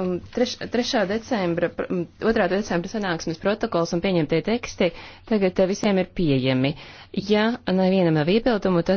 3. decembra, 2. decembra sanāksmes protokols un pieņemtie teksti tagad eh, visiem ir pieejami. Ja nevienam nav iebildumu, tad